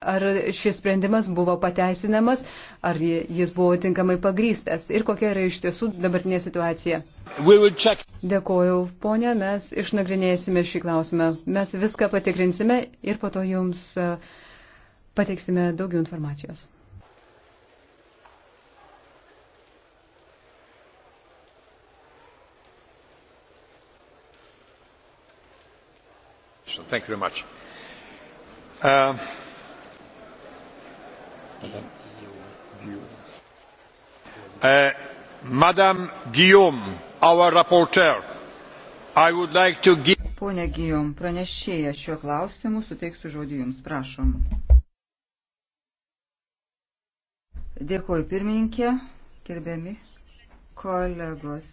ar šis sprendimas buvo pateisinamas, ar jis buvo tinkamai pagrystas ir kokia yra iš tiesų dabartinė situacija. Dėkoju, ponė, mes išnagrinėsime šį klausimą. Mes viską patikrinsime ir po to jums pateiksime daugiau informacijos. So thank you very much. Uh, Uh, Madam Guillaume, our rapporteur, I would like to give. Pone Gijom, pranešėja šiuo klausimu, suteiksiu žodį Jums, prašom. Dėkuoju pirmininkė, gerbiami kolegos.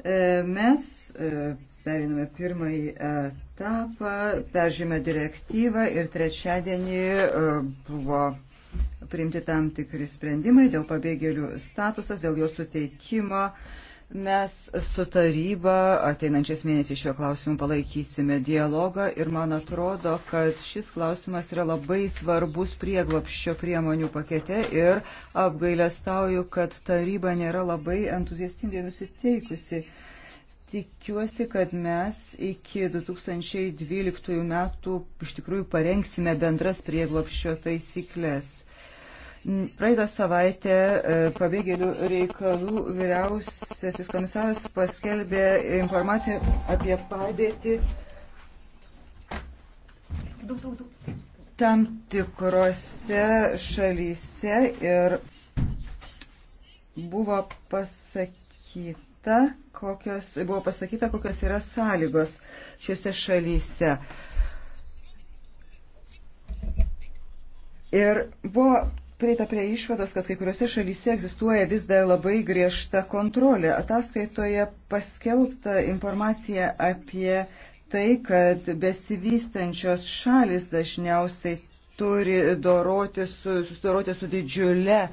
E, mes e, periname pirmąjį etapą, peržymę direktyvą ir trečiadienį e, buvo priimti tam tikri sprendimai dėl pabėgėlių statusas, dėl jo suteikimo. Mes su taryba ateinančias mėnesį šiuo klausimu palaikysime dialogą ir man atrodo, kad šis klausimas yra labai svarbus prieglopščio priemonių pakete ir apgailestauju, kad taryba nėra labai entuziastingai nusiteikusi. Tikiuosi, kad mes iki 2012 metų iš tikrųjų parengsime bendras prieglopščio taisyklės Praeitą savaitę e, pabėgėlių reikalų vyriausiasis komisaras paskelbė informaciją apie padėtį tam tikrose šalyse ir buvo pasakyta, kokios, buvo pasakyta, kokios yra sąlygos šiuose šalyse. Ir buvo prieita prie išvados, kad kai kuriuose šalyse egzistuoja vis dar labai griežta kontrolė. Ataskaitoje paskelbta informacija apie tai, kad besivystančios šalis dažniausiai turi doroti su, susidoroti su didžiule e,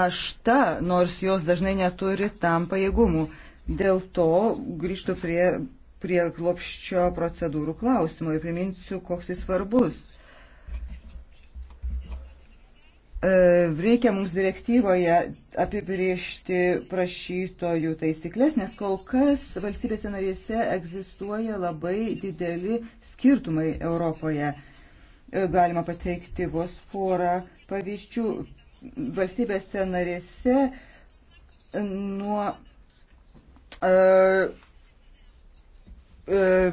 našta, nors jos dažnai neturi tam pajėgumų. Dėl to grįžtų prie, prie klopščio procedūrų klausimo ir priminsiu, koks jis svarbus E, reikia mums direktyvoje apibriežti prašytojų taisyklės, nes kol kas valstybėse narėse egzistuoja labai dideli skirtumai Europoje. E, galima pateikti vos porą pavyzdžių. Valstybėse narėse nuo 65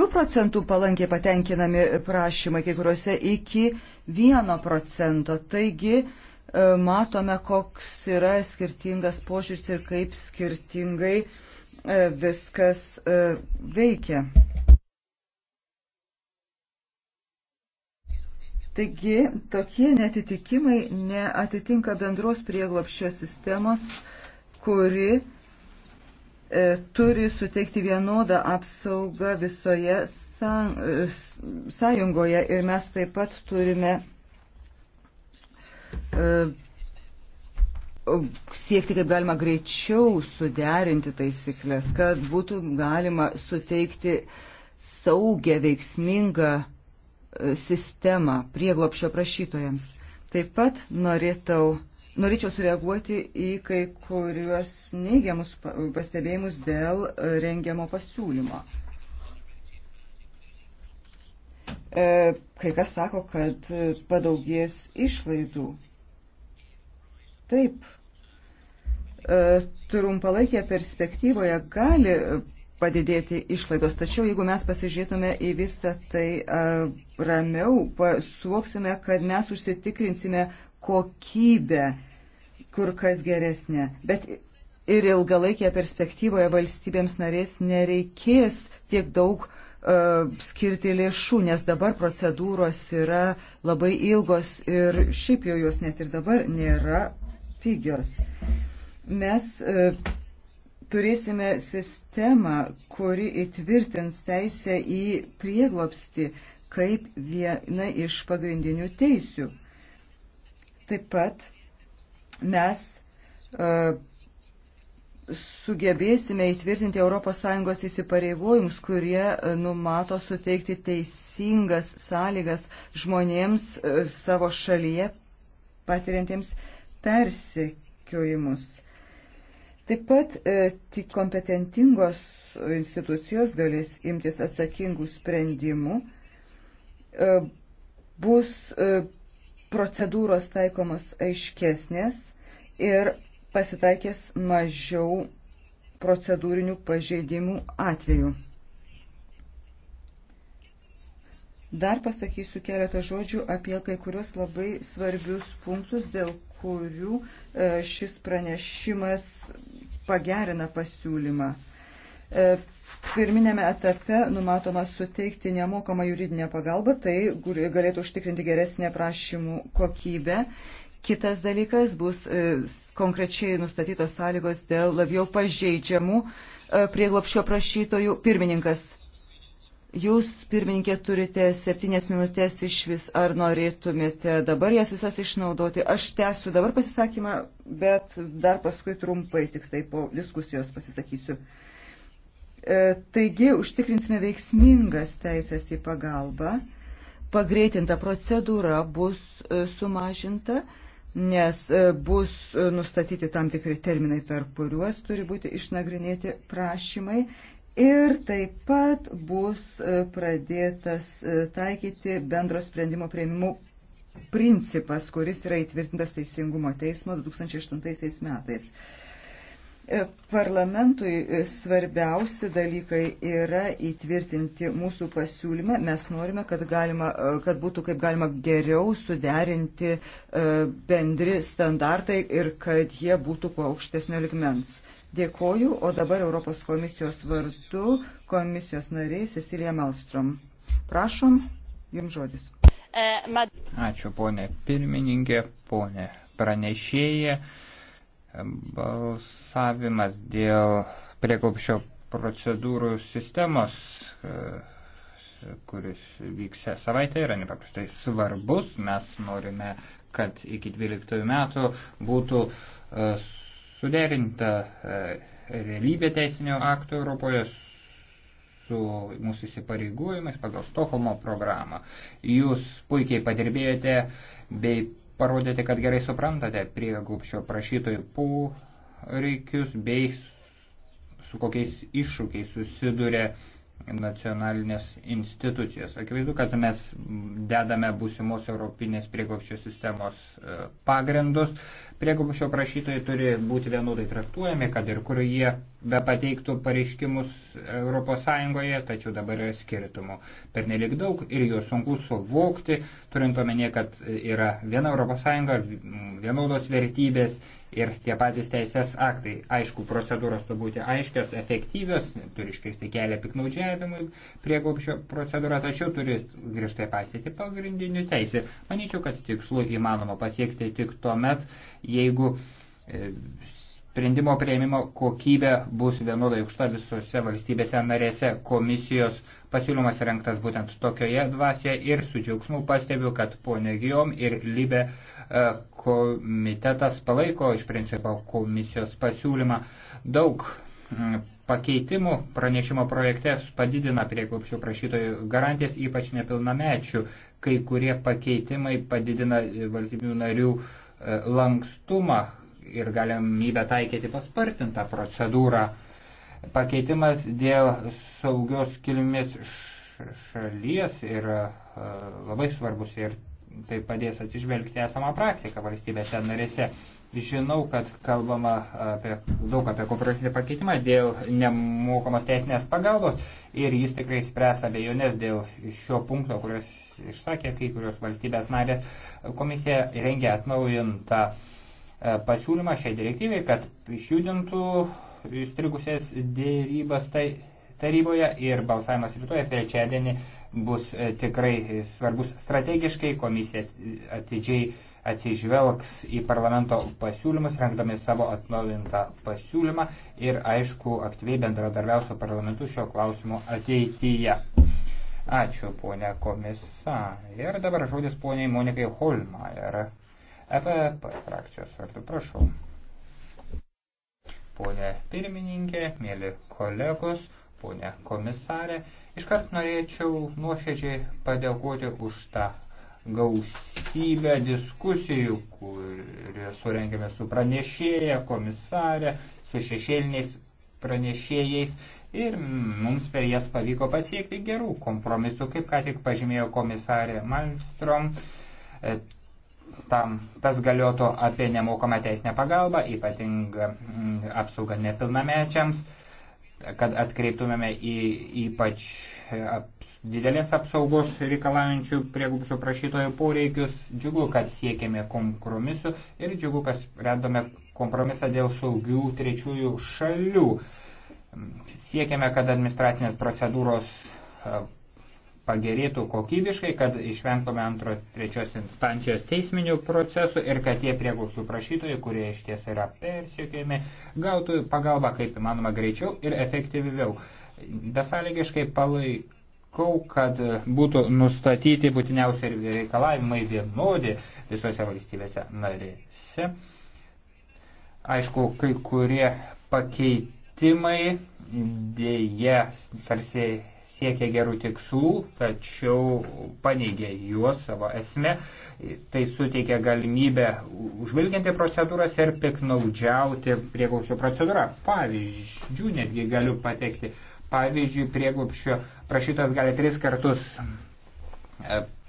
e, procentų palankiai patenkinami prašymai, kai kuriuose iki 1 procento. Taigi e, matome, koks yra skirtingas požiūris ir kaip skirtingai e, viskas e, veikia. Taigi tokie netitikimai neatitinka bendros prieglopščio sistemos, kuri e, turi suteikti vienodą apsaugą visoje E, sąjungoje ir mes taip pat turime e, siekti kaip galima greičiau suderinti taisyklės, kad būtų galima suteikti saugę, veiksmingą e, sistemą prieglopšio prašytojams. Taip pat norėtau, norėčiau sureaguoti į kai kuriuos neigiamus pastebėjimus dėl rengiamo pasiūlymo. E, kai kas sako, kad padaugės išlaidų. Taip, e, trumpalaikėje perspektyvoje gali padidėti išlaidos. Tačiau jeigu mes pasižiūrėtume į visą tai a, e, ramiau, suvoksime, kad mes užsitikrinsime kokybę kur kas geresnė. Bet ir ilgalaikėje perspektyvoje valstybėms narės nereikės tiek daug a, E, skirti lėšų, nes dabar procedūros yra labai ilgos ir šiaip jau jos net ir dabar nėra pigios. Mes e, turėsime sistemą, kuri įtvirtins teisę į prieglopsti kaip viena iš pagrindinių teisių. Taip pat mes uh, sugebėsime įtvirtinti ES įsipareigojimus, kurie e, numato suteikti teisingas sąlygas žmonėms e, savo šalyje patiriantiems persekiojimus. Taip pat e, tik kompetentingos institucijos galės imtis atsakingų sprendimų, bus procedūros taikomos aiškesnės ir pasitaikęs mažiau procedūrinių pažeidimų atveju. Dar pasakysiu keletą žodžių apie kai kurios labai svarbius punktus, dėl kurių e, šis pranešimas pagerina pasiūlymą. E, Pirminėme etape numatoma suteikti nemokamą juridinę pagalbą, tai galėtų užtikrinti geresnę prašymų kokybę Kitas dalykas bus e, konkrečiai nustatytos sąlygos dėl labiau pažeidžiamų e, prieglopščio prašytojų. Pirmininkas, jūs, pirmininkė, turite septynės minutės iš vis. Ar norėtumėte dabar jas visas išnaudoti? Aš tęsiu dabar pasisakymą, bet dar paskui trumpai tik tai po diskusijos pasisakysiu. E, taigi, užtikrinsime veiksmingas teisės į pagalbą. Pagreitinta procedūra bus sumažinta nes e, bus e, nustatyti tam tikri terminai, per kuriuos turi būti išnagrinėti prašymai Ir taip pat bus e, pradėtas taikyti bendro sprendimo prieimimų principas, kuris yra įtvirtintas Teisingumo teismo 2008 metais. Parlamentui svarbiausi dalykai yra įtvirtinti mūsų pasiūlymą. Mes norime, kad, galima, kad būtų kaip galima geriau suderinti e, bendri standartai ir kad jie būtų kuo aukštesnio ligmens. Dėkoju, o dabar Europos komisijos vardu komisijos nariai Cecilija Malstrom. Prašom, jums žodis. E, Ačiū, ponė pirmininkė, ponė pranešėja. Balsavimas dėl prieglopščio procedūrų sistemos, e, kuris vyks savaitę, yra nepaprastai svarbus. Mes norime, kad iki 12 metų būtų e, suderinta e, realybė teisinio akto Europoje su mūsų įsipareigojimais pagal Stokholmo programą. Jūs puikiai padirbėjote bei parodyti, kad gerai suprantate prieglupščio prašytojų poreikius bei su kokiais iššūkiais susiduria nacionalinės institucijas. Akivaizdu, kad mes dedame būsimos europinės prieglopščio sistemos e, pagrindus. Prieglopščio prašytojai turi būti vienodai traktuojami, kad ir kur jie be pateiktų pareiškimus ES, tačiau dabar yra skirtumų per nelik daug ir juos sunku suvokti, turint omenyje, kad yra viena ES, vienodos vertybės ir tie patys teisės aktai. Aišku, procedūros turi būti aiškios, efektyvios, turi iškirsti kelią piknaudžiavimui prieglobšio procedūrą, tačiau turi griežtai pasėti pagrindinių teisė. Manyčiau, kad tikslų įmanoma pasiekti tik tuo met, jeigu e, sprendimo prieimimo kokybė bus vienodai aukšta visose valstybėse narėse. Komisijos pasiūlymas rengtas būtent tokioje dvasioje ir su džiaugsmu pastebiu, kad ponė Gijom ir Libė E, komitetas palaiko iš principo komisijos pasiūlymą. Daug pakeitimų pranešimo projekte padidina prieglopščių prašytojų garantijas, ypač nepilnamečių. Kai kurie pakeitimai padidina valstybių narių e, lankstumą ir galimybę taikyti paspartintą procedūrą. Pakeitimas dėl saugios kilmės šalies yra e, labai svarbus ir tai padės atsižvelgti esamą praktiką valstybėse narėse. Žinau, kad kalbama apie, daug apie kooperatyvinį pakeitimą dėl nemokamos teisinės pagalbos ir jis tikrai spręs abejonės dėl šio punkto, kurios išsakė kai kurios valstybės narės. Komisija rengia atnaujintą e, pasiūlymą šiai direktyvai, kad išjudintų įstrigusias dėrybas, tai taryboje ir balsavimas rytoj trečiadienį bus e, tikrai e, svarbus strategiškai. Komisija atidžiai atsižvelgs į parlamento pasiūlymus, rengdami savo atnaujintą pasiūlymą ir aišku aktyviai bendradarbiaus su parlamentu šio klausimu ateityje. Ačiū, ponė komisarė. Ir dabar žodis poniai Monikai Holmaier. EPP frakcijos vardu, prašau. Pone pirmininkė, mėly kolegos, ponė komisarė. Iškart norėčiau nuoširdžiai padėkoti už tą gausybę diskusijų, kurias surengėme su pranešėja, komisarė, su šešėliniais pranešėjais ir mums per jas pavyko pasiekti gerų kompromisų, kaip ką tik pažymėjo komisarė Malmstrom. E, tam, tas galiotų apie nemokamą teisinę pagalbą, ypatingą mm, apsaugą nepilnamečiams kad atkreiptumėme į ypač ap, didelės apsaugos reikalaujančių prieglupšio prašytojų poreikius. Džiugu, kad siekėme kompromisu ir džiugu, kad radome kompromisą dėl saugių trečiųjų šalių. Siekėme, kad administracinės procedūros pagerėtų kokybiškai, kad išvengtume antro trečios instancijos teisminių procesų ir kad tie prieglausių prašytojai, kurie iš ties yra persiekiami, gautų pagalbą kaip įmanoma greičiau ir efektyviau. Besąlygiškai palaikau, kad būtų nustatyti būtiniausi reikalavimai vienodi visose valstybėse narėse. Aišku, kai kurie pakeitimai dėje tarsi siekia gerų tikslų, tačiau paneigė juos savo esme. Tai suteikia galimybę užvilginti procedūras ir piknaudžiauti prieglaupščio procedūrą. Pavyzdžių netgi galiu pateikti. Pavyzdžiui, prieglupščio prašytas gali tris kartus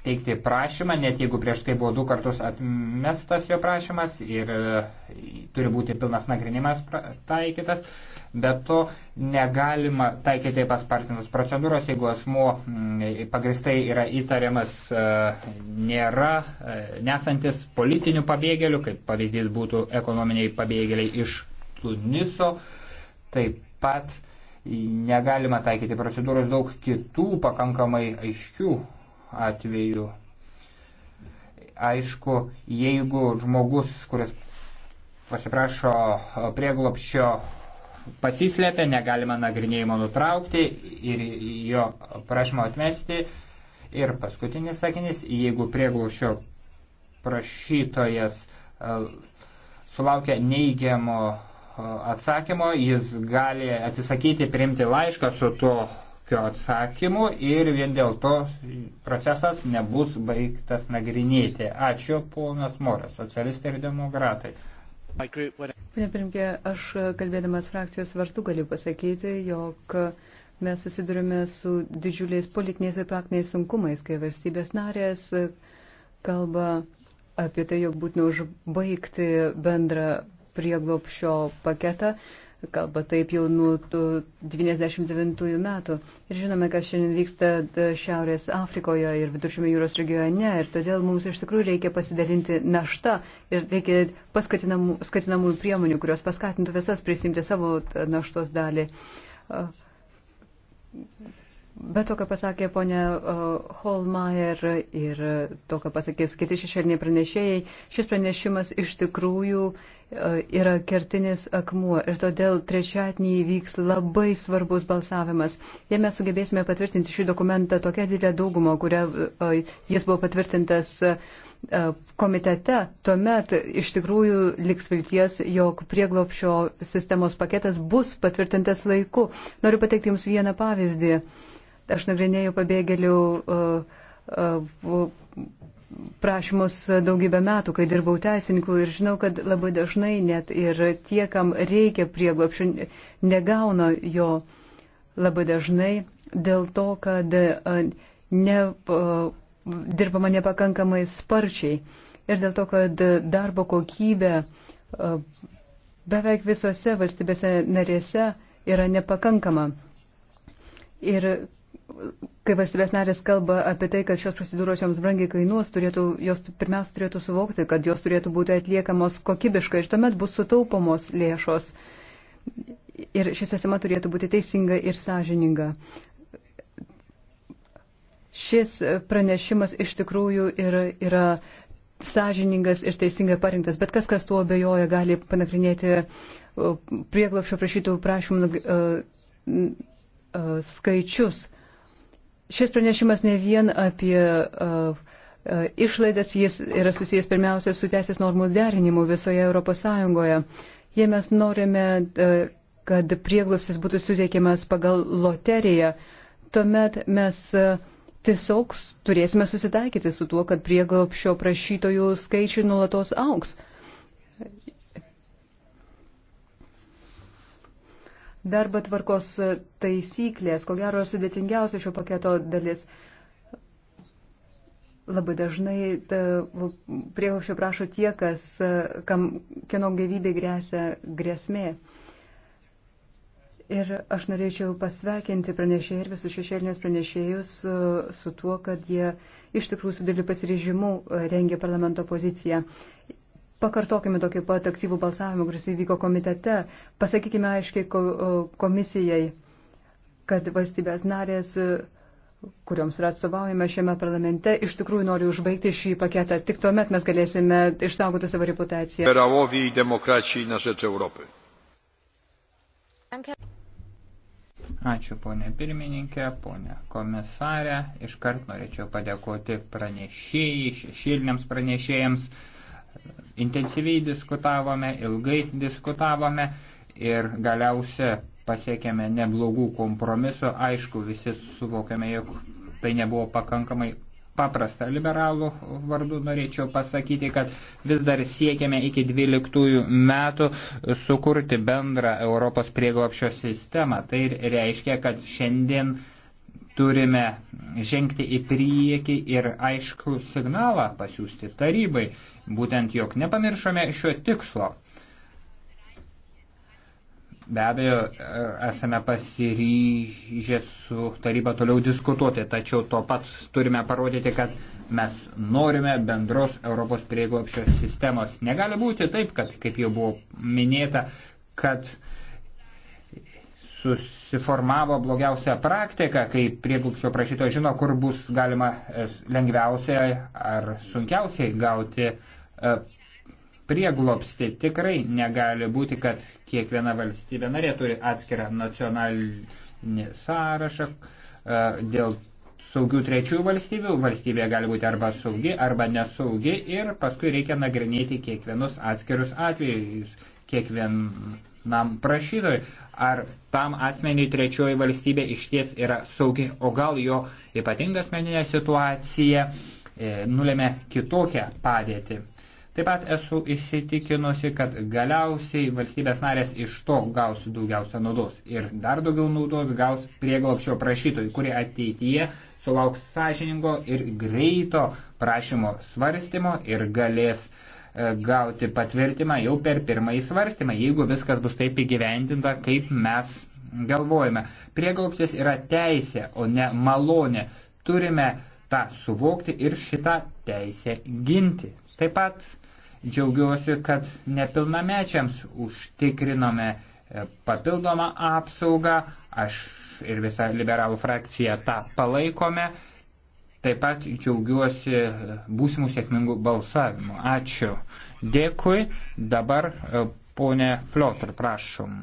teikti prašymą, net jeigu prieš tai buvo du kartus atmestas jo prašymas ir e, turi būti pilnas nagrinimas taikytas. Be to negalima taikyti paspartinus procedūros, jeigu asmuo pagristai yra įtariamas e, nėra, e, nesantis politinių pabėgėlių, kaip pavyzdys būtų ekonominiai pabėgėliai iš Tuniso. Taip pat negalima taikyti procedūros daug kitų pakankamai aiškių atveju. Aišku, jeigu žmogus, kuris pasiprašo prieglopščio, pasislėpė, negalima nagrinėjimo nutraukti ir jo prašymą atmesti. Ir paskutinis sakinys, jeigu prieglopščio prašytojas e, sulaukia neigiamo e, atsakymo, jis gali atsisakyti priimti laišką su tuo jokio atsakymo ir vien dėl to procesas nebus baigtas nagrinėti. Ačiū, ponas Morė, socialistai ir demokratai. Pane pirmkė, aš kalbėdamas frakcijos vartų galiu pasakyti, jog mes susidurime su didžiuliais politiniais ir praktiniais sunkumais, kai valstybės narės kalba apie tai, jog būtina užbaigti bendrą prieglopšio paketą, kalba taip jau nuo 99 metų. Ir žinome, kas šiandien vyksta e, Šiaurės Afrikoje ir Viduržymio jūros regione. Ir todėl mums iš tikrųjų reikia pasidalinti naštą ir reikia paskatinamųjų priemonių, kurios paskatintų visas prisimti savo naštos dalį. E, Bet to, ką pasakė ponia e, Holmeier ir to, ką pasakys kiti šešėliniai pranešėjai, šis pranešimas iš tikrųjų uh, yra kertinis akmuo ir todėl trečiadienį įvyks labai svarbus balsavimas. Jei mes sugebėsime patvirtinti šį dokumentą tokią didelę daugumą, kurią jis buvo patvirtintas komitete, tuomet iš tikrųjų liks vilties, jog prieglopšio sistemos paketas bus patvirtintas laiku. Noriu pateikti Jums vieną pavyzdį. Aš nagrinėjau pabėgėlių. Uh, uh, prašymus daugybę metų, kai dirbau teisininku ir žinau, kad labai dažnai net ir tie, kam reikia prieglopšio, negauna jo labai dažnai dėl to, kad ne, dirbama nepakankamai sparčiai ir dėl to, kad darbo kokybė beveik visose valstybėse narėse yra nepakankama. Ir kai valstybės narės kalba apie tai, kad šios procedūros joms brangiai kainuos, turėtų, jos pirmiausia turėtų suvokti, kad jos turėtų būti atliekamos kokybiškai ir tuomet bus sutaupomos lėšos. Ir ši sistema turėtų būti teisinga ir sąžininga. Šis pranešimas iš tikrųjų yra, yra sąžiningas ir teisingai parinktas, bet kas, kas tuo abejoja, gali panagrinėti uh, prieglopšio prašytų prašymų uh, uh, skaičius. Šis pranešimas ne vien apie uh, uh, išlaidas, jis yra susijęs pirmiausia su teisės normų derinimu visoje Europos Sąjungoje. Jei mes norime, uh, kad prieglopsis būtų suteikiamas pagal loteriją, tuomet mes uh, tiesiog turėsime susitaikyti su tuo, kad prieglopšio prašytojų skaičiai nulatos auks. Darbo tvarkos taisyklės, ko gero, sudėtingiausia šio paketo dalis. Labai dažnai prieglobščio prašo tie, kas, kam, kieno gyvybė grėsia grėsmė. Ir aš norėčiau pasveikinti pranešėjus ir visus šešėlinius pranešėjus su, su tuo, kad jie iš tikrųjų su dideliu pasiryžimu rengia parlamento poziciją. Pakartokime tokį pat aktyvų balsavimą, kuris įvyko komitete. Pasakykime aiškiai komisijai, kad valstybės narės, kurioms yra atstovaujame šiame parlamente, iš tikrųjų nori užbaigti šį paketą. Tik tuomet mes galėsime išsaugoti savo reputaciją. Liberałowi i demokraci na rzecz Europy. Ačiū ponė pirmininkė, ponė komisarė. Iškart norėčiau padėkoti pranešėjai, šešėliniams pranešėjams intensyviai diskutavome, ilgai diskutavome ir galiausia pasiekėme neblogų kompromisų. Aišku, visi suvokėme, jog tai nebuvo pakankamai paprasta. Liberalų vardu norėčiau pasakyti, kad vis dar siekiame iki 12 metų sukurti bendrą Europos prieglopšio sistemą. Tai reiškia, kad šiandien turime žengti į priekį ir aišku signalą pasiūsti tarybai būtent jog nepamiršome šio tikslo. Be abejo, esame pasiryžę su taryba toliau diskutuoti, tačiau to pat turime parodyti, kad mes norime bendros Europos prieglopščio sistemos. Negali būti taip, kad, kaip jau buvo minėta, kad susiformavo blogiausia praktika, kai prieglupščio prašyto žino, kur bus galima lengviausiai ar sunkiausiai gauti E, prieglopsti tikrai negali būti, kad kiekviena valstybė narė turi atskirą nacionalinį sąrašą. E, dėl saugių trečiųjų valstybių valstybė gali būti arba saugi, arba nesaugi ir paskui reikia nagrinėti kiekvienus atskirus atvejus kiekvienam prašytojui. Ar tam asmeniui trečioji valstybė išties yra saugi, o gal jo ypatinga asmeninė situacija e, nulėmė kitokią padėtį. Taip pat esu įsitikinusi, kad galiausiai valstybės narės iš to gaus daugiausia naudos ir dar daugiau naudos gaus prieglopščio prašytojai, kurie ateityje sulauks sąžiningo ir greito prašymo svarstymo ir galės e, gauti patvirtimą jau per pirmąjį svarstymą, jeigu viskas bus taip įgyvendinta, kaip mes galvojame. Prieglopstis yra teisė, o ne malonė. Turime tą suvokti ir šitą teisę ginti. Taip pat Džiaugiuosi, kad nepilnamečiams užtikrinome e, papildomą apsaugą. Aš ir visa liberalų frakcija tą palaikome. Taip pat džiaugiuosi e, būsimų sėkmingų balsavimų. Ačiū. Dėkui. Dabar e, ponė Pliotr, prašom.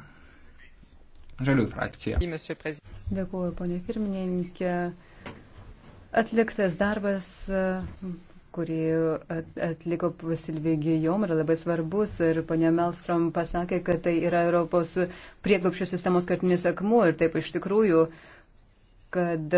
Žaliųjų frakcija. Dėkuoju, ponė pirmininkė. Atliktas darbas kurį atliko Silvigijom, yra labai svarbus ir ponia Melstrom pasakė, kad tai yra Europos prieglopščio sistemos kartinis akmuo ir taip iš tikrųjų, kad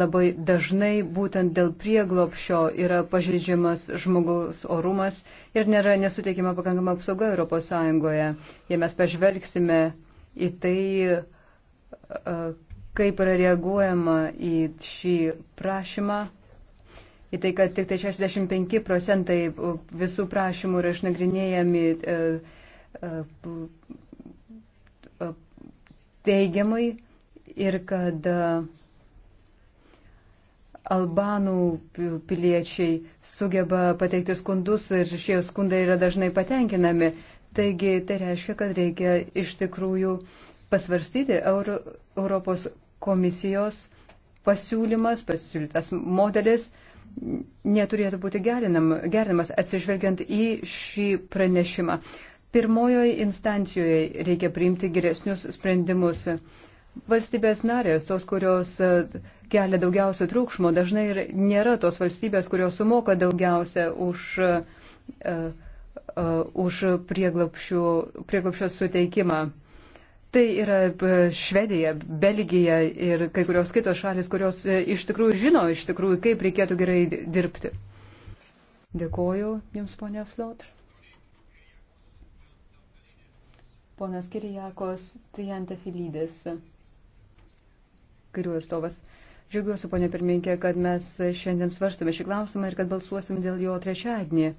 labai dažnai būtent dėl prieglopščio yra pažeidžiamas žmogaus orumas ir nėra nesuteikiama pakankama apsauga Europos Sąjungoje. Jei mes pažvelgsime į tai, kaip yra reaguojama į šį prašymą, į tai, kad tik tai 65 procentai visų prašymų yra išnagrinėjami e, e, e, teigiamai ir kad Albanų piliečiai sugeba pateikti skundus ir šie skundai yra dažnai patenkinami. Taigi tai reiškia, kad reikia iš tikrųjų pasvarstyti Euro, Europos komisijos pasiūlymas, pasiūlytas modelis neturėtų būti gerinam, gerinamas atsižvelgiant į šį pranešimą. Pirmojoje instancijoje reikia priimti geresnius sprendimus. Valstybės narės, tos, kurios e, kelia daugiausia triukšmo, dažnai ir nėra tos valstybės, kurios sumoka daugiausia už, uh, uh, už prieglapšio suteikimą. Tai yra e, Švedija, Belgija ir kai kurios kitos šalis, kurios e, iš tikrųjų žino, iš tikrųjų, kaip reikėtų gerai dirbti. Dėkoju Jums, ponia Flot. Ponas Kirijakos Triantafilydis, kairių atstovas. Džiaugiuosi, ponia pirmininkė, kad mes šiandien svarstame šį klausimą ir kad balsuosim dėl jo trečiadienį.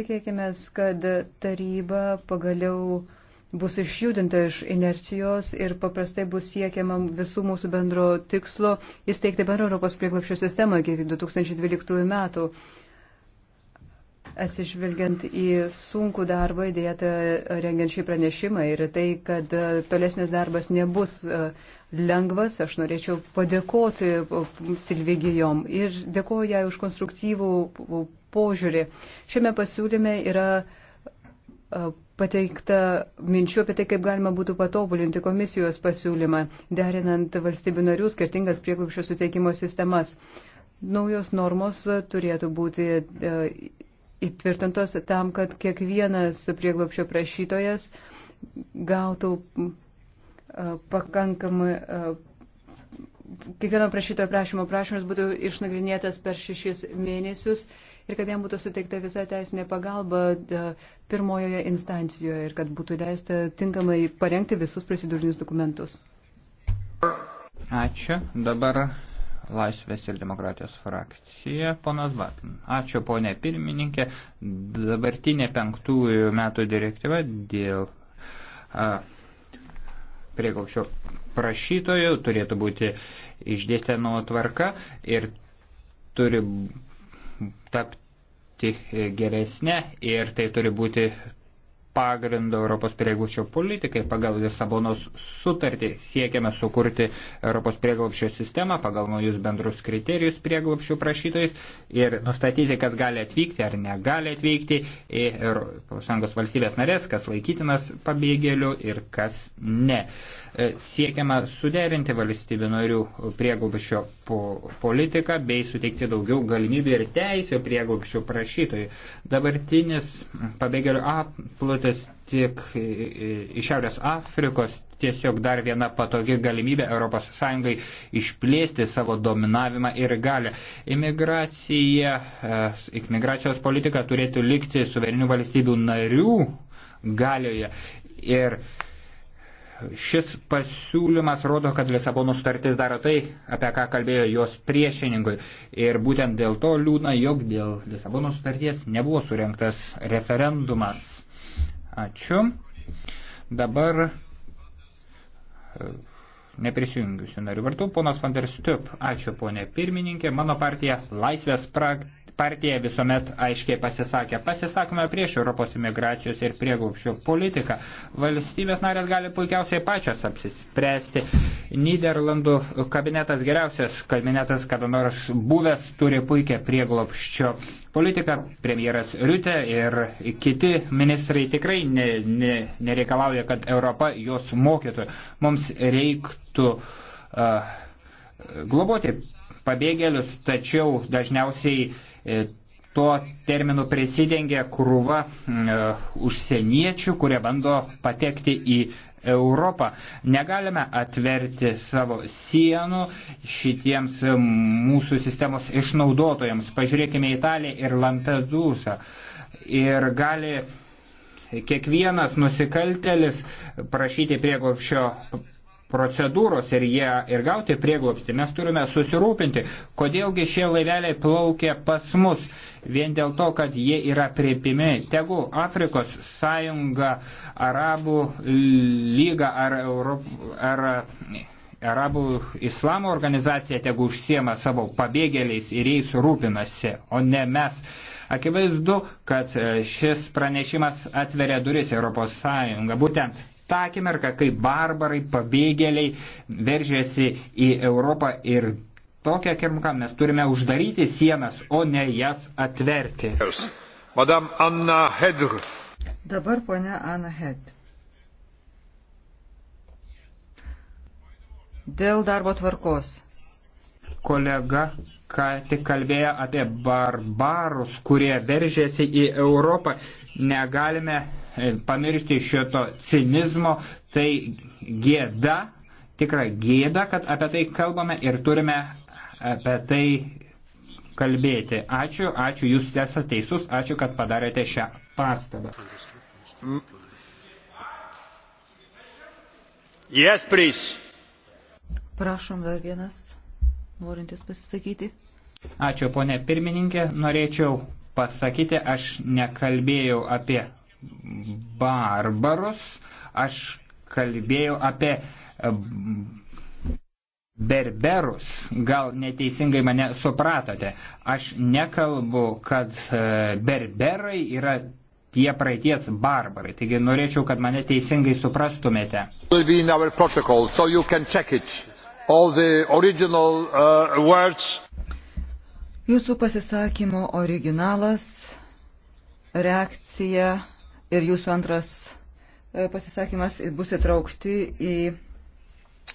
Tikėkime, kad taryba pagaliau bus išjudinta iš inercijos ir paprastai bus siekiama visų mūsų bendro tikslo įsteigti bendrą Europos prieglapščio sistemą iki 2012 metų. Atsižvelgiant į sunkų darbą įdėtą rengiant šį pranešimą ir tai, kad e, tolesnis darbas nebus e, lengvas, aš norėčiau padėkoti Silvigijom ir dėkoju jai už konstruktyvų požiūrį. Šiame pasiūlyme yra e, pateikta minčių apie tai, kaip galima būtų patobulinti komisijos pasiūlymą, derinant valstybių narių skirtingas prieglupščio suteikimo sistemas. Naujos normos turėtų būti e, įtvirtintos tam, kad kiekvienas prieglupščio prašytojas gautų e, pakankamai. E, kiekvieno prašytojo prašymo prašymas būtų išnagrinėtas per šešis mėnesius ir kad jam būtų suteikta visa teisinė pagalba e, pirmojoje instancijoje ir kad būtų leista tinkamai parengti visus prisidūrinius dokumentus. Ačiū. Dabar Laisvės ir demokratijos frakcija, ponas Batin. Ačiū, ponė pirmininkė. Dabartinė penktųjų metų direktyva dėl a, priegaukščio prašytojų turėtų būti išdėstė nuo tvarka ir turi tapti geresnė ir tai turi būti pagrindu Europos prieglupščio politikai. Pagal Lisabonos sutartį siekiame sukurti Europos prieglupščio sistemą pagal naujus bendrus kriterijus prieglupščių prašytojais ir nustatyti, kas gali atvykti ar negali atvykti į ES valstybės narės, kas laikytinas pabėgėlių ir kas ne. E, siekiama suderinti valstybių narių prieglupščio politiką bei suteikti daugiau galimybių ir teisio prieglupščių prašytojų. Dabartinis pabėgėlių aplut breksitas tiek iš Šiaurės Afrikos tiesiog dar viena patogi galimybė ES išplėsti savo dominavimą ir galę. Imigracija, e, imigracijos politika turėtų likti suverenių valstybių narių galioje. Ir šis pasiūlymas rodo, kad Lisabono sutartis daro tai, apie ką kalbėjo jos priešininkui. Ir būtent dėl to liūdna, jog dėl Lisabono sutarties nebuvo surinktas referendumas. Ačiū. Dabar e, neprisijungiusių narių vartų. Ponas van der Stiup, ačiū ponė pirmininkė. Mano partija Laisvės praktika partija visuomet aiškiai pasisakė. Pasisakome prieš Europos imigracijos ir prieglupščio politiką. Valstybės narės gali puikiausiai pačios apsispręsti. Niderlandų kabinetas geriausias kabinetas, kada nors buvęs, turi puikią prieglupščio politiką. Premjeras Riutė ir kiti ministrai tikrai ne, ne, nereikalauja, kad Europa juos mokytų. Mums reiktų uh, globoti pabėgėlius, tačiau dažniausiai E, tuo terminu prisidengia krūva e, užsieniečių, kurie bando patekti į Europą. Negalime atverti savo sienų šitiems mūsų sistemos išnaudotojams. Pažiūrėkime Italiją ir Lampedusą. Ir gali kiekvienas nusikaltelis prašyti prieglopščio procedūros ir jie ir gauti prieglopstį. Mes turime susirūpinti, kodėlgi šie laiveliai plaukia pas mus, vien dėl to, kad jie yra priepimi. Tegu Afrikos sąjunga, Arabų lyga ar, Europ, ar Arabų islamo organizacija, tegu užsiema savo pabėgėliais ir jais rūpinasi, o ne mes. Akivaizdu, kad šis pranešimas atveria duris Europos Sąjungą. Būtent tą akimirką, kai barbarai, pabėgėliai veržėsi į Europą ir tokią akimirką mes turime uždaryti sienas, o ne jas atverti. Madame Anna Hedr. Dabar ponia Anna Hedr. Dėl darbo tvarkos. Kolega ką tik kalbėjo apie barbarus, kurie veržėsi į Europą. Negalime pamiršti šito cinizmo, tai gėda, tikra gėda, kad apie tai kalbame ir turime apie tai kalbėti. Ačiū, ačiū, jūs esate teisus, ačiū, kad padarėte šią pastabą. Yes, please. Prašom dar vienas, norintis pasisakyti. Ačiū, ponė pirmininkė, norėčiau pasakyti, aš nekalbėjau apie barbarus, aš kalbėjau apie berberus, gal neteisingai mane supratote. Aš nekalbu, kad e, berberai yra tie praeities barbarai. Taigi norėčiau, kad mane teisingai suprastumėte. So original, uh, Jūsų pasisakymo originalas, reakcija ir jūsų antras e, pasisakymas bus įtraukti į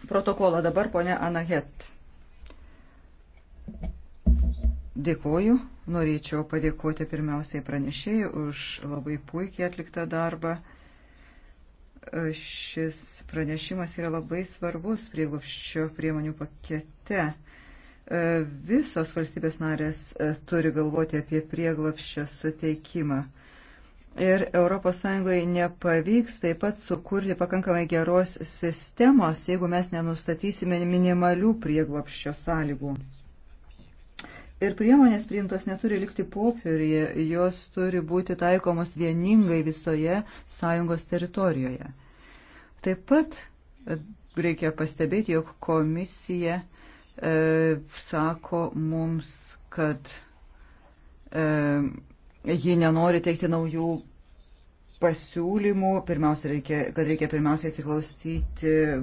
protokolą. Dabar ponia Anahet. Dėkoju. Norėčiau padėkoti pirmiausiai pranešėjai už labai puikiai atliktą darbą. E, šis pranešimas yra labai svarbus prieglopščio priemonių pakete. E, visos valstybės narės turi galvoti apie prieglopščio suteikimą. Ir ES nepavyks taip pat sukurti pakankamai geros sistemos, jeigu mes nenustatysime minimalių prieglopščio sąlygų. Ir priemonės priimtos neturi likti popieriuje, jos turi būti taikomos vieningai visoje sąjungos teritorijoje. Taip pat e, reikia pastebėti, jog komisija e, sako mums, kad e, ji nenori teikti naujų pasiūlymų, pirmiausia, reikia, kad reikia pirmiausia įsiklausyti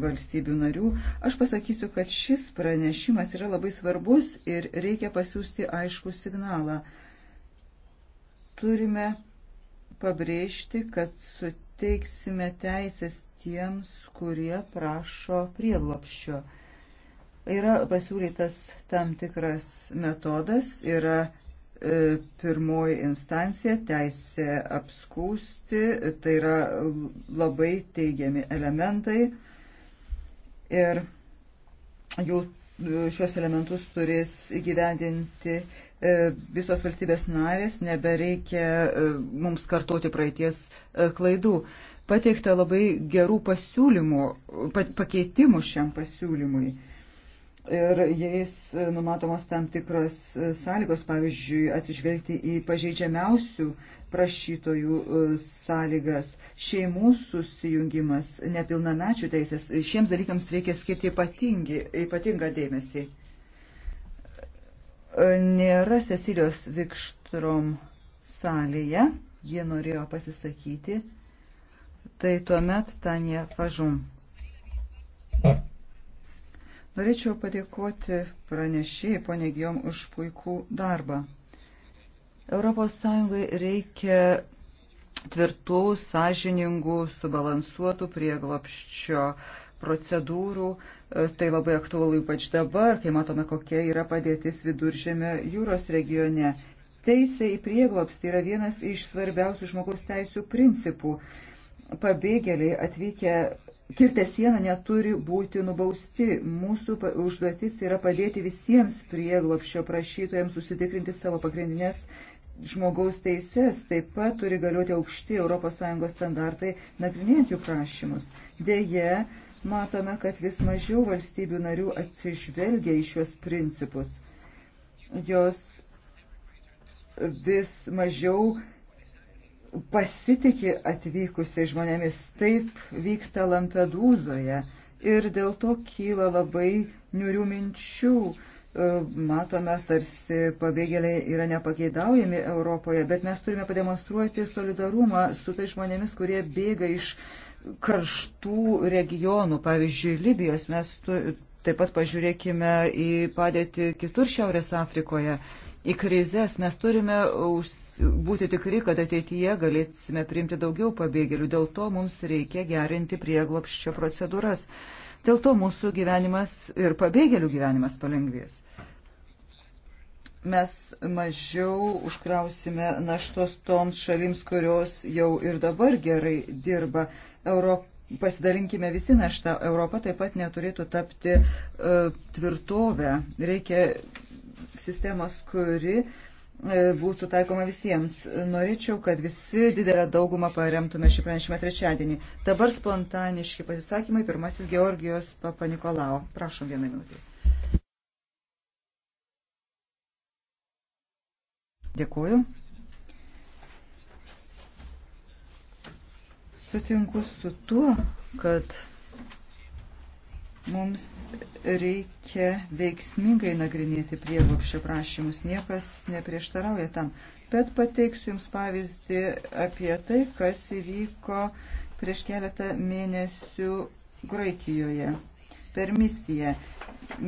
valstybių narių. Aš pasakysiu, kad šis pranešimas yra labai svarbus ir reikia pasiūsti aišku signalą. Turime pabrėžti, kad suteiksime teisės tiems, kurie prašo prieglopščio. Yra pasiūlytas tam tikras metodas, yra E, pirmoji instancija teisė apskūsti, tai yra labai teigiami elementai ir jų šios elementus turės įgyvendinti e, visos valstybės narės, nebereikia e, mums kartoti praeities klaidų. Pateikta labai gerų pasiūlymų, pakeitimų šiam pasiūlymui ir jais numatomos tam tikros sąlygos, pavyzdžiui, atsižvelgti į pažeidžiamiausių prašytojų e, sąlygas, šeimų susijungimas, nepilnamečių teisės. Šiems dalykams reikia skirti ypatingi, ypatingą dėmesį. E, nėra Cecilijos Vikštrom salėje, jie norėjo pasisakyti, tai tuomet Tanja Pažum. Norėčiau padėkoti pranešėjai ponė Gijom už puikų darbą. ES reikia tvirtų, sąžiningų, subalansuotų prieglopščio procedūrų. Tai labai aktualu ypač dabar, kai matome, kokia yra padėtis viduržėme jūros regione. Teisė į prieglopstį yra vienas iš svarbiausių žmogaus teisų principų. Pabėgėliai atvykę kirtę sieną neturi būti nubausti. Mūsų užduotis yra padėti visiems prieglopščio prašytojams susitikrinti savo pagrindinės žmogaus teises. Taip pat turi galioti aukšti ES standartai nagrinėjant jų prašymus. Deja, matome, kad vis mažiau valstybių narių atsižvelgia į šios principus. Jos vis mažiau pasitikė atvykusiai žmonėmis. Taip vyksta Lampedūzoje ir dėl to kyla labai niurių minčių. E, matome, tarsi pabėgėliai yra nepageidaujami Europoje, bet mes turime pademonstruoti solidarumą su tai žmonėmis, kurie bėga iš karštų regionų, pavyzdžiui, Libijos. Mes tu, taip pat pažiūrėkime į padėtį kitur Šiaurės Afrikoje. Uh, į krizės, mes turime būti tikri, kad ateityje galėsime priimti daugiau pabėgėlių. Dėl to mums reikia gerinti prieglopščio procedūras. Dėl to mūsų gyvenimas ir pabėgėlių gyvenimas palengvės. Mes mažiau užkrausime naštos toms šalims, kurios jau ir dabar gerai dirba. Europ... Pasidalinkime visi naštą. Europa taip pat neturėtų tapti uh, tvirtovę. Reikia sistemos, kuri e, būtų taikoma visiems. Norėčiau, kad visi didelę daugumą paremtume šį pranešimą trečiadienį. Dabar spontaniški pasisakymai. Pirmasis Georgijos Papa Nikolao. Prašom vieną minutę. Dėkuoju. Sutinku su tuo, kad Mums reikia veiksmingai nagrinėti prieglopščio prašymus, niekas neprieštarauja tam. Bet pateiksiu Jums pavyzdį apie tai, kas įvyko prieš keletą mėnesių Graikijoje per misiją.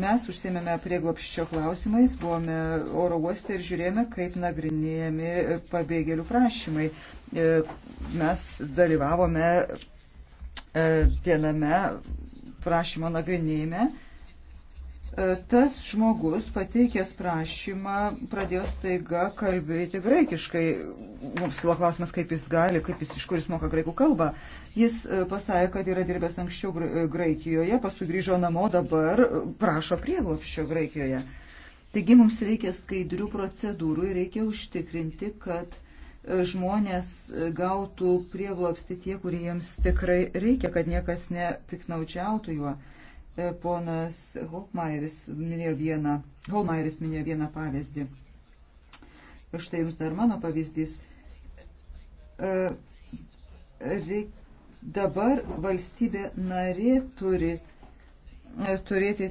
Mes užsėmėme prieglopščio klausimais, buvome oro uoste ir žiūrėjome, kaip nagrinėjami pabėgėlių prašymai. E, mes dalyvavome e, viename prašymo nagrinėjime, e, tas žmogus pateikęs prašymą pradėjo staiga kalbėti graikiškai. Mums kilo klausimas, kaip jis gali, kaip jis iš kur jis moka graikų kalbą. Jis e, pasakė, kad yra dirbęs anksčiau e, Graikijoje, paskui grįžo namo, dabar prašo prieglopščio Graikijoje. Taigi mums reikia skaidrių procedūrų ir reikia užtikrinti, kad žmonės gautų prieglopsti tie, kurie jiems tikrai reikia, kad niekas nepiknaudžiautų juo. E, ponas Holmairis minėjo vieną, Holmairis minėjo vieną pavyzdį. Štai jums dar mano pavyzdys. E, Reik, dabar valstybė narė turi e, turėti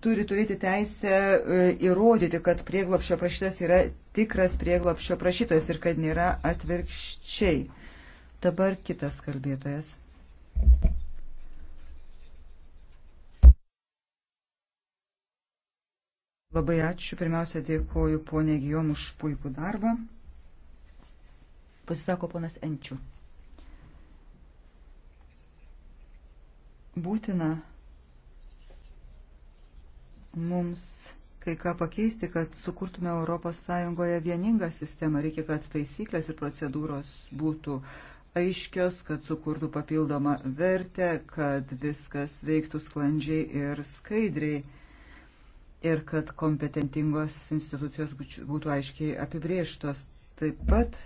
turi turėti teisę e, įrodyti, kad prieglopšio prašytas yra tikras prieglopšio prašytas ir kad nėra atvirkščiai. Dabar kitas kalbėtojas. Labai ačiū. Pirmiausia, dėkoju ponė Gijom už puikų darbą. Pasisako ponas Enčių. Būtina mums kai ką pakeisti, kad sukurtume ES vieningą sistemą. Reikia, kad taisyklės ir procedūros būtų aiškios, kad sukurtų papildomą vertę, kad viskas veiktų sklandžiai ir skaidriai ir kad kompetentingos institucijos būtų aiškiai apibrieštos. Taip pat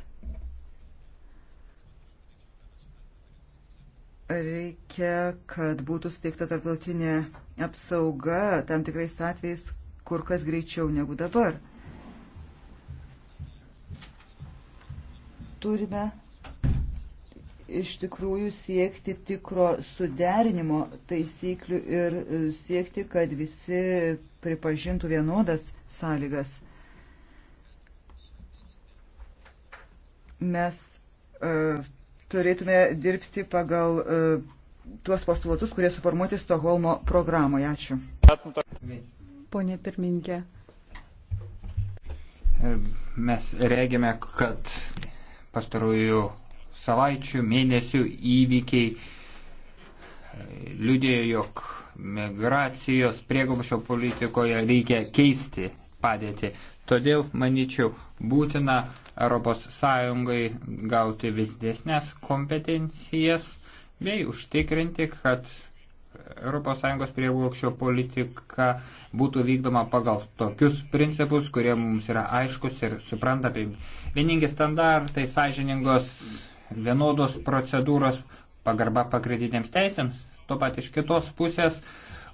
Reikia, kad būtų suteikta tarptautinė apsauga tam tikrais atvejais kur kas greičiau negu dabar. Turime iš tikrųjų siekti tikro suderinimo taisyklių ir siekti, kad visi pripažintų vienodas sąlygas. Mes uh, turėtume dirbti pagal e, tuos postulatus, kurie suformuoti Stoholmo programoje. Ačiū. Pone pirmininkė. E, mes regime, kad pastarųjų savaičių, mėnesių įvykiai e, liudėjo, jog migracijos prieglobšio politikoje reikia keisti padėtį. Todėl, manyčiau, būtina ES gauti vis dėsnes kompetencijas bei užtikrinti, kad ES prieglokščio politika būtų vykdoma pagal tokius principus, kurie mums yra aiškus ir suprantami. Tai vieningi standartai, sąžiningos, vienodos procedūros, pagarba pagrindinėms teisėms, to pat iš kitos pusės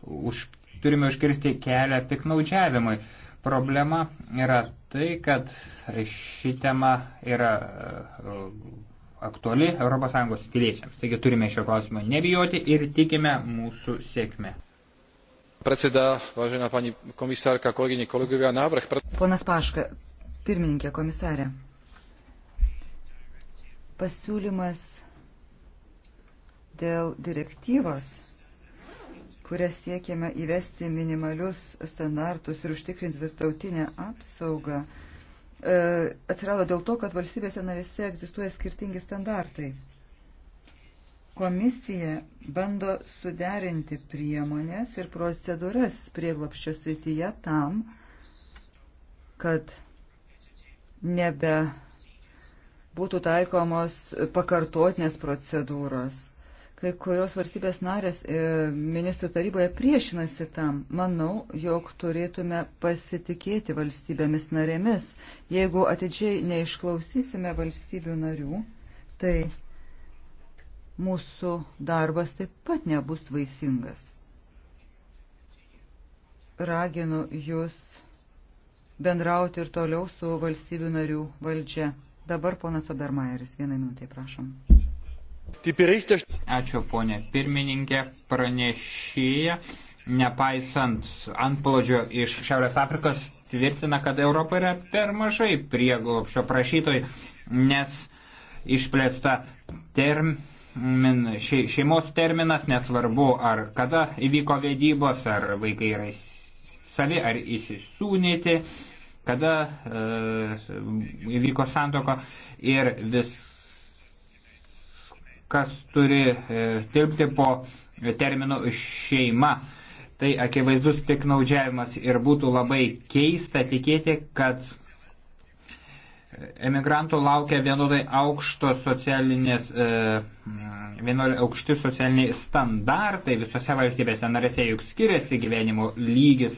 už, turime užkirsti kelią piknaudžiavimui. Problema yra tai, kad ši tema yra e, aktuali ES piliečiams. Taigi turime šio klausimo nebijoti ir tikime mūsų sėkmę. Predseda, vážená pani komisárka, kolegyne, kolegovia, návrh... Ponas Paška, pirmininkė komisarė. Pasiūlymas dėl direktyvos kuria siekiame įvesti minimalius standartus ir užtikrinti tarptautinę apsaugą, e, atsirado dėl to, kad valstybėse narėse egzistuoja skirtingi standartai. Komisija bando suderinti priemonės ir procedūras prieglopščio srityje tam, kad nebe būtų taikomos pakartotinės procedūros Kai kurios valstybės narės e, ministrų taryboje priešinasi tam. Manau, jog turėtume pasitikėti valstybėmis narėmis. Jeigu atidžiai neišklausysime valstybių narių, tai mūsų darbas taip pat nebus vaisingas. Raginu jūs bendrauti ir toliau su valstybių narių valdžia. Dabar ponas Obermaieris, vieną minutę prašom. Ačiū, ponė pirmininkė, pranešėja, nepaisant antplodžio iš Šiaurės Afrikos, tvirtina, kad Europoje yra per mažai prieglopšio prašytojų, nes išplėsta termin, še, šeimos terminas, nesvarbu ar kada įvyko vedybos, ar vaikai yra savi, ar įsisūnyti, kada e, įvyko santoko ir vis kas turi tilpti e, po termino šeima. Tai akivaizdus piknaudžiavimas ir būtų labai keista tikėti, kad emigrantų laukia vienodai aukštos socialinės, e, vienodai aukšti socialiniai standartai visose valstybėse narėse, juk skiriasi gyvenimo lygis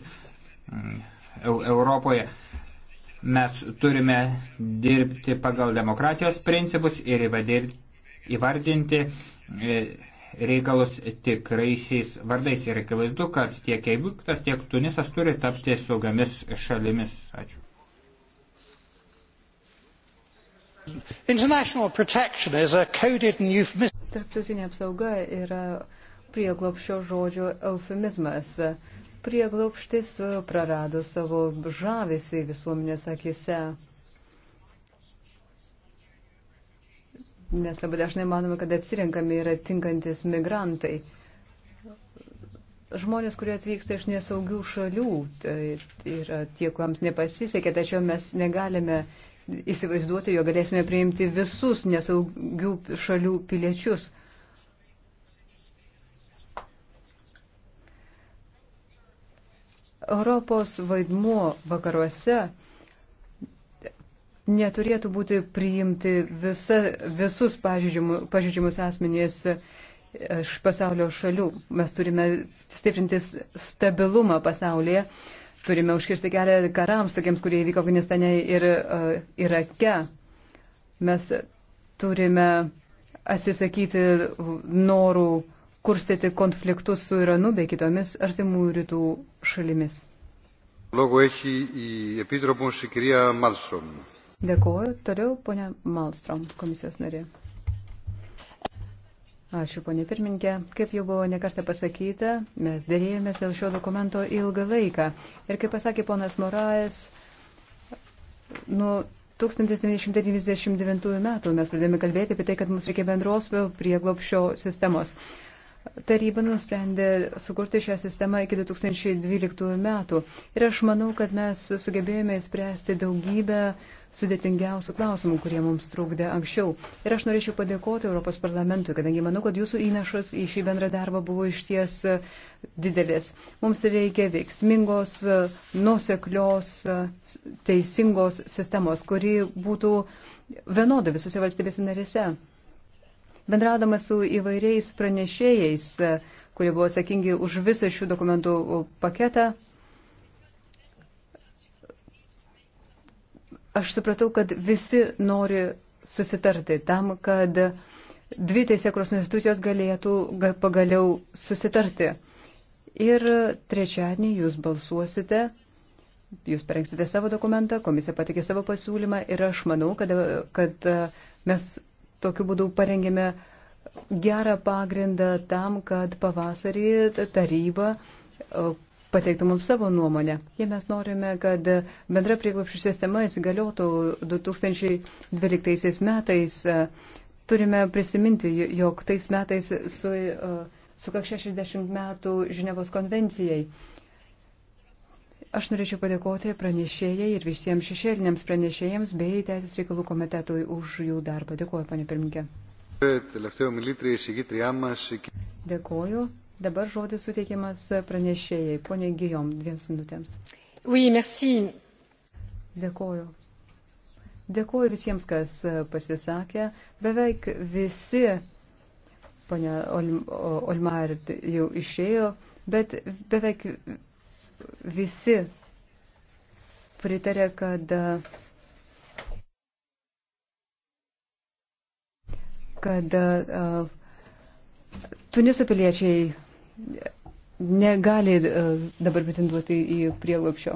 Europoje. Mes turime dirbti pagal demokratijos principus ir įvadirti įvardinti e, reikalus tikraisiais vardais ir akivaizdu, kad tiek Eibuktas, tiek Tunisas turi tapti saugiamis šalimis. Ačiū. Tarptautinė apsauga yra prieglopščio žodžio eufemizmas. Prieglopštis prarado savo žavesį visuomenės akise. nes labai dažnai manome, kad atsirinkami yra tinkantis migrantai. Žmonės, kurie atvyksta iš nesaugių šalių, tai yra tie, kuriems nepasisekė, tačiau mes negalime įsivaizduoti, jo galėsime priimti visus nesaugių šalių piliečius. Europos vaidmuo vakaruose neturėtų būti priimti visa, visus pažydžiamus asmenys e, iš pasaulio šalių. Mes turime stiprinti stabilumą pasaulyje, turime užkirsti kelią karams, tokiems, kurie įvyko Afganistane ir uh, Irake. Mes turime atsisakyti norų kurstyti konfliktus su Iranu bei kitomis artimų rytų šalimis. Λόγο έχει η Επίτροπος η κυρία Μάλστρομ. Dėkuoju. Toliau ponia Malstrom, komisijos narė. Ačiū, ponė pirmininkė. Kaip jau buvo nekartą pasakyta, mes dėrėjomės dėl šio dokumento ilgą laiką. Ir kaip pasakė ponas Moraes, nuo 1999 metų mes pradėjome kalbėti apie tai, kad mums reikia bendros prieglopšio sistemos taryba nusprendė sukurti šią sistemą iki 2012 metų. Ir aš manau, kad mes sugebėjome spręsti daugybę sudėtingiausių klausimų, kurie mums trūkdė anksčiau. Ir aš norėčiau padėkoti Europos parlamentui, kadangi manau, kad jūsų įnašas į šį bendrą darbą buvo išties e, didelis. Mums reikia veiksmingos, e, nuseklios, e, teisingos sistemos, kuri būtų vienoda visose valstybėse narėse. Bendraudamas su įvairiais pranešėjais, e, kurie buvo atsakingi už visą šių dokumentų e, paketą, aš supratau, kad visi nori susitarti tam, kad dvi teisėkros institucijos galėtų pagaliau susitarti. Ir trečiadienį jūs balsuosite, jūs parengsite savo dokumentą, komisija patikė savo pasiūlymą ir aš manau, kad, kad e, mes Tokiu būdu parengėme gerą pagrindą tam, kad pavasarį taryba e, pateiktų mums savo nuomonę. Jei mes norime, kad bendra prieglopšių sistema įsigaliotų 2012 metais, e, turime prisiminti, jog tais metais su, e, su 60 metų Ženevos konvencijai. Aš norėčiau padėkoti pranešėjai ir visiems šešėliniams pranešėjams bei Teisės reikalų komitetui už jų darbą. Dėkuoju, panė pirmininkė. Dėkuoju. Dabar žodis suteikiamas pranešėjai. Pone Gijom, dviems minutėms. Oui, merci. Dėkuoju. Dėkuoju visiems, kas pasisakė. Beveik visi, ponia Olmar jau išėjo, bet beveik visi pritarė, kad, kad uh, Tuniso piliečiai negali uh, dabar pretenduoti į prieglopšio.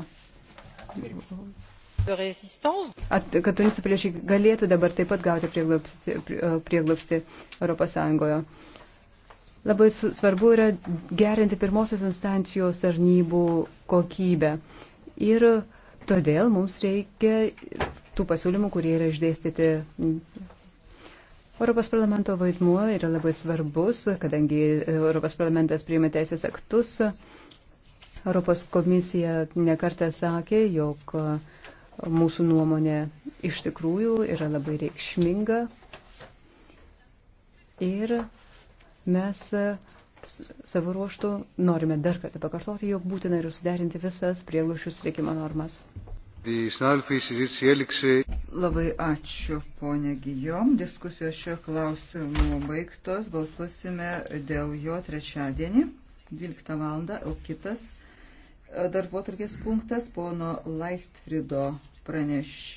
At, kad Tuniso piliečiai galėtų dabar taip pat gauti prieglopsti, prie, e, prieglopsti Europos Sąjungoje. Labai svarbu yra gerinti pirmosios instancijos tarnybų kokybę. Ir todėl mums reikia tų pasiūlymų, kurie yra išdėstyti. Europos parlamento vaidmuo yra labai svarbus, kadangi Europos parlamentas priima teisės aktus. Europos komisija nekartą sakė, jog mūsų nuomonė iš tikrųjų yra labai reikšminga. Ir Mes e, savo ruoštų norime dar kartą pakartoti, jog būtina ir suderinti visas prieglušių suteikimo normas. Labai ačiū, ponė Gijom. Diskusijos šio klausimu baigtos. Balsuosime dėl jo trečiadienį, 12 val. O kitas e, darbo turkės punktas, pono Leichtfrido praneš.